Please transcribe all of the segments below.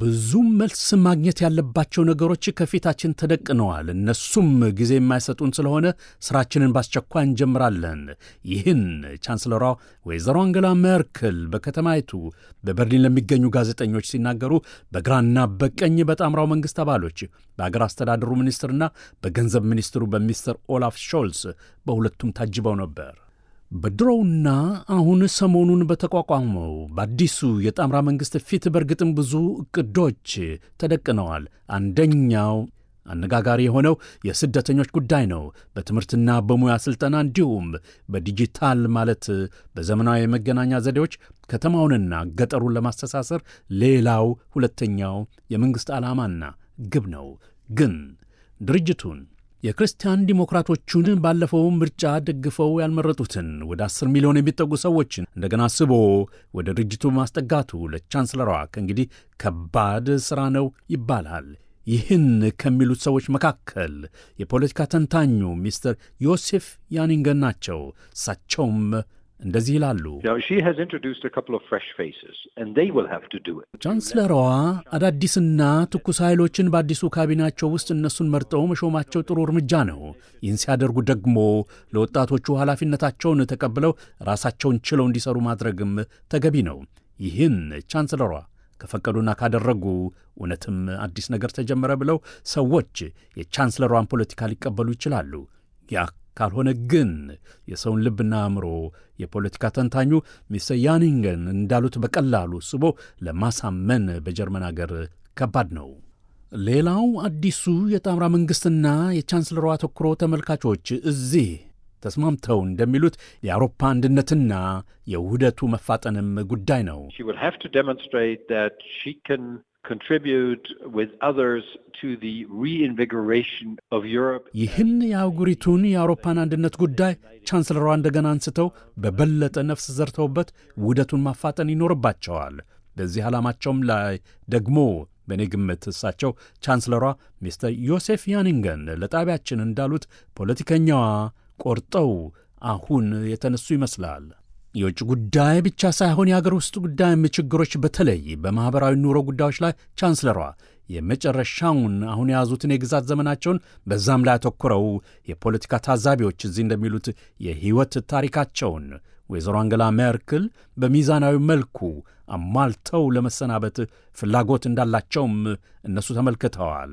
ብዙም መልስ ማግኘት ያለባቸው ነገሮች ከፊታችን ተደቅነዋል። እነሱም ጊዜ የማይሰጡን ስለሆነ ስራችንን በአስቸኳይ እንጀምራለን። ይህን ቻንስለሯ ወይዘሮ አንገላ ሜርክል በከተማይቱ በበርሊን ለሚገኙ ጋዜጠኞች ሲናገሩ በግራና በቀኝ በጣምራው መንግሥት አባሎች፣ በአገር አስተዳደሩ ሚኒስትርና በገንዘብ ሚኒስትሩ በሚስተር ኦላፍ ሾልስ በሁለቱም ታጅበው ነበር። በድሮውና አሁን ሰሞኑን በተቋቋመው በአዲሱ የጣምራ መንግሥት ፊት በእርግጥም ብዙ ዕቅዶች ተደቅነዋል። አንደኛው አነጋጋሪ የሆነው የስደተኞች ጉዳይ ነው። በትምህርትና በሙያ ሥልጠና እንዲሁም በዲጂታል ማለት በዘመናዊ የመገናኛ ዘዴዎች ከተማውንና ገጠሩን ለማስተሳሰር ሌላው ሁለተኛው የመንግሥት ዓላማና ግብ ነው። ግን ድርጅቱን የክርስቲያን ዲሞክራቶቹን ባለፈው ምርጫ ደግፈው ያልመረጡትን ወደ 10 ሚሊዮን የሚጠጉ ሰዎችን እንደገና ስቦ ወደ ድርጅቱ ማስጠጋቱ ለቻንስለሯ ከእንግዲህ ከባድ ሥራ ነው ይባላል። ይህን ከሚሉት ሰዎች መካከል የፖለቲካ ተንታኙ ሚስተር ዮሴፍ ያኒንገን ናቸው። እሳቸውም እንደዚህ ይላሉ። ቻንስለሯዋ አዳዲስና ትኩስ ኃይሎችን በአዲሱ ካቢናቸው ውስጥ እነሱን መርጠው መሾማቸው ጥሩ እርምጃ ነው። ይህን ሲያደርጉ ደግሞ ለወጣቶቹ ኃላፊነታቸውን ተቀብለው ራሳቸውን ችለው እንዲሰሩ ማድረግም ተገቢ ነው። ይህን ቻንስለሯ ከፈቀዱና ካደረጉ እውነትም አዲስ ነገር ተጀመረ ብለው ሰዎች የቻንስለሯን ፖለቲካ ሊቀበሉ ይችላሉ ያ ካልሆነ ግን የሰውን ልብና አእምሮ የፖለቲካ ተንታኙ ሚስተር ያኒንገን እንዳሉት በቀላሉ ስቦ ለማሳመን በጀርመን አገር ከባድ ነው። ሌላው አዲሱ የጣምራ መንግሥትና የቻንስለሯ አተኩሮ ተመልካቾች እዚህ ተስማምተው እንደሚሉት የአውሮፓ አንድነትና የውህደቱ መፋጠንም ጉዳይ ነው። contribute with others to the reinvigoration of Europe. ይህን የአህጉሪቱን የአውሮፓን አንድነት ጉዳይ ቻንስለሯ እንደገና አንስተው በበለጠ ነፍስ ዘርተውበት ውህደቱን ማፋጠን ይኖርባቸዋል። በዚህ ዓላማቸውም ላይ ደግሞ በእኔ ግምት እሳቸው ቻንስለሯ ሚስተር ዮሴፍ ያኒንገን ለጣቢያችን እንዳሉት ፖለቲከኛዋ ቆርጠው አሁን የተነሱ ይመስላል። የውጭ ጉዳይ ብቻ ሳይሆን የአገር ውስጥ ጉዳይም ችግሮች በተለይ በማኅበራዊ ኑሮ ጉዳዮች ላይ ቻንስለሯ የመጨረሻውን አሁን የያዙትን የግዛት ዘመናቸውን በዛም ላይ ያተኮረው የፖለቲካ ታዛቢዎች እዚህ እንደሚሉት የሕይወት ታሪካቸውን ወይዘሮ አንገላ ሜርክል በሚዛናዊ መልኩ አሟልተው ለመሰናበት ፍላጎት እንዳላቸውም እነሱ ተመልክተዋል።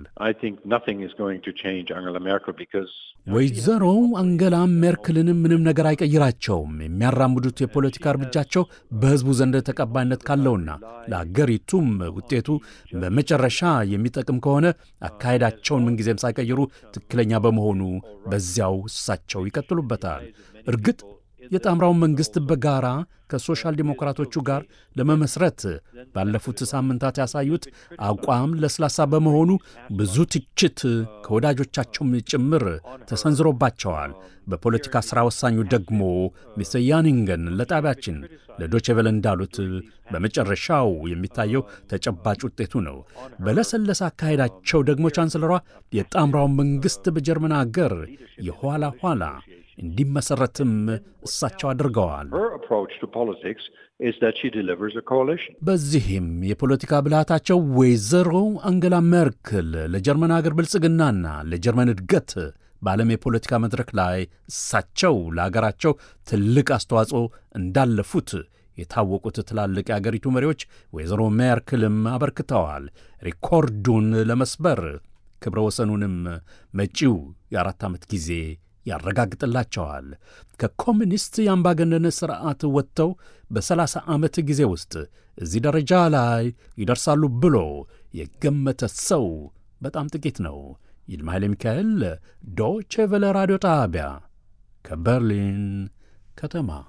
ወይዘሮ አንገላ ሜርክልን ምንም ነገር አይቀይራቸውም። የሚያራምዱት የፖለቲካ እርምጃቸው በሕዝቡ ዘንድ ተቀባይነት ካለውና ለአገሪቱም ውጤቱ በመጨረሻ የሚጠቅም ከሆነ አካሄዳቸውን ምንጊዜም ሳይቀይሩ ትክክለኛ በመሆኑ በዚያው እሳቸው ይቀጥሉበታል። እርግጥ የጣምራው መንግሥት በጋራ ከሶሻል ዲሞክራቶቹ ጋር ለመመስረት ባለፉት ሳምንታት ያሳዩት አቋም ለስላሳ በመሆኑ ብዙ ትችት ከወዳጆቻቸውም ጭምር ተሰንዝሮባቸዋል። በፖለቲካ ሥራ ወሳኙ ደግሞ ሚስተር ያኒንገን ለጣቢያችን ለዶቼቨል እንዳሉት በመጨረሻው የሚታየው ተጨባጭ ውጤቱ ነው። በለሰለሰ አካሄዳቸው ደግሞ ቻንስለሯ የጣምራው መንግሥት በጀርመን አገር የኋላ ኋላ እንዲመሰረትም እሳቸው አድርገዋል። በዚህም የፖለቲካ ብልሃታቸው ወይዘሮ አንገላ ሜርክል ለጀርመን አገር ብልጽግናና ለጀርመን እድገት በዓለም የፖለቲካ መድረክ ላይ እሳቸው ለአገራቸው ትልቅ አስተዋጽኦ እንዳለፉት የታወቁት ትላልቅ የአገሪቱ መሪዎች ወይዘሮ ሜርክልም አበርክተዋል። ሪኮርዱን ለመስበር ክብረ ወሰኑንም መጪው የአራት ዓመት ጊዜ ያረጋግጥላቸዋል። ከኮሚኒስት የአምባገነነ ሥርዓት ወጥተው በሰላሳ ዓመት ጊዜ ውስጥ እዚህ ደረጃ ላይ ይደርሳሉ ብሎ የገመተ ሰው በጣም ጥቂት ነው። ይልማ ኃይለ ሚካኤል ዶቼ ቬለ ራዲዮ ጣቢያ ከበርሊን ከተማ